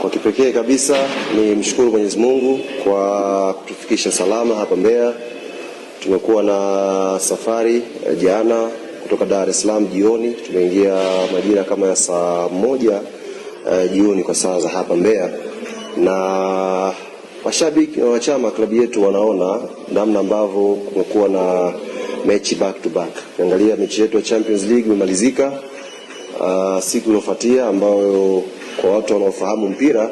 Kwa kipekee kabisa ni mshukuru Mwenyezi Mungu kwa kutufikisha salama hapa Mbeya. Tumekuwa na safari eh, jana kutoka Dar es Salaam jioni, tumeingia majira kama ya saa moja eh, jioni kwa saa za hapa Mbeya, na washabiki na wachama klabu yetu wanaona namna ambavyo kumekuwa na mechi back to back. Ukiangalia mechi yetu ya Champions League imemalizika uh, siku iliyofuatia ambayo kwa watu wanaofahamu mpira,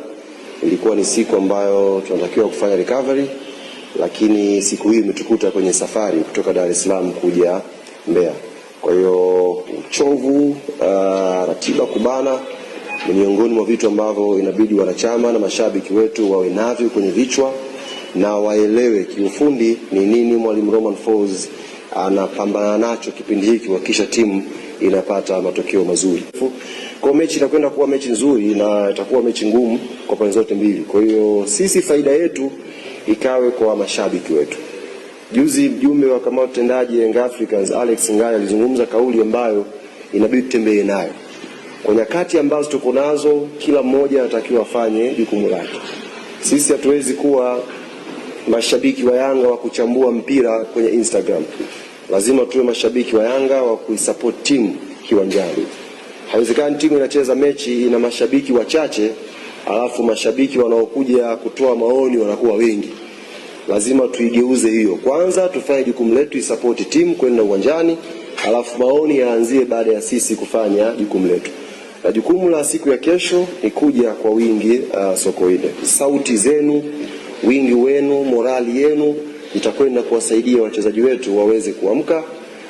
ilikuwa ni siku ambayo tunatakiwa kufanya recovery, lakini siku hii imetukuta kwenye safari kutoka Dar es Salaam kuja Mbeya. Kwa hiyo uchovu, uh, ratiba kubana ni miongoni mwa vitu ambavyo inabidi wanachama na mashabiki wetu wawe navyo kwenye vichwa na waelewe kiufundi ni nini Mwalimu Roman Falls anapambana nacho kipindi hiki kuhakikisha timu inapata matokeo mazuri. Kwa mechi itakwenda kuwa mechi nzuri na itakuwa mechi ngumu kwa pande zote mbili. Kwa hiyo sisi faida yetu ikawe kwa mashabiki wetu. Juzi mjumbe wa kamati tendaji Young Africans Alex Ngaya alizungumza kauli ambayo inabidi tutembee nayo. Kwa nyakati ambazo tuko nazo, kila mmoja anatakiwa afanye jukumu lake. Sisi hatuwezi kuwa mashabiki wa Yanga wa kuchambua mpira kwenye Instagram. Lazima tuwe mashabiki wa Yanga wa kuisupport timu kiwanjani. Haiwezekani timu inacheza mechi ina mashabiki wachache alafu mashabiki wanaokuja kutoa maoni wanakuwa wengi. Lazima tuigeuze hiyo. Kwanza tufanye jukumu letu isupport timu kwenda uwanjani, alafu maoni yaanzie baada ya sisi kufanya jukumu letu. Na jukumu la siku ya kesho ni kuja kwa wingi uh, Sokoine. Sauti zenu wingi wenu, morali yenu itakwenda kuwasaidia wachezaji wetu waweze kuamka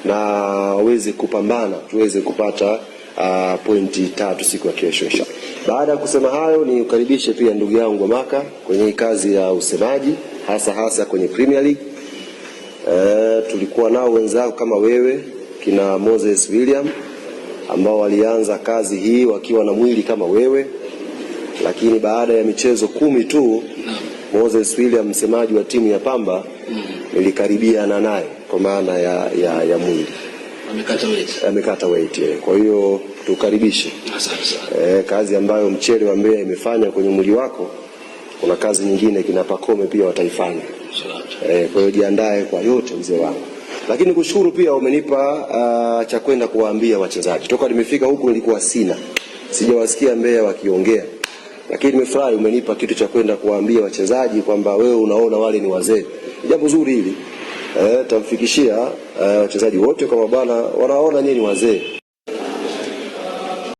na waweze kupambana, tuweze kupata uh, pointi tatu siku ya kesho insha. Baada ya kusema hayo, ni ukaribishe pia ndugu yangu Amaka kwenye kazi ya usemaji, hasa hasa kwenye Premier League. Uh, tulikuwa nao wenzao kama wewe kina Moses William ambao walianza kazi hii wakiwa na mwili kama wewe, lakini baada ya michezo kumi tu Moses William, msemaji wa timu ya Pamba, nilikaribiana naye kwa maana ya, ya, ya mwili amekata weight. Eh. Kwa hiyo tukaribishe e, kazi ambayo mchele wa Mbeya imefanya kwenye mwili wako, kuna kazi nyingine kina Pakome pia wataifanya e, kwa hiyo jiandae kwa yote mzee wangu, lakini kushukuru pia umenipa uh, cha kwenda kuwaambia wachezaji. Toka nimefika huku nilikuwa sina, sijawasikia Mbeya wakiongea lakini nimefurahi umenipa kitu cha kwenda kuwaambia wachezaji kwamba wewe unaona wale ni wazee. Jambo zuri hili. Eh, tamfikishia eh, wachezaji wote kwa bwana wanaona nyinyi ni wazee.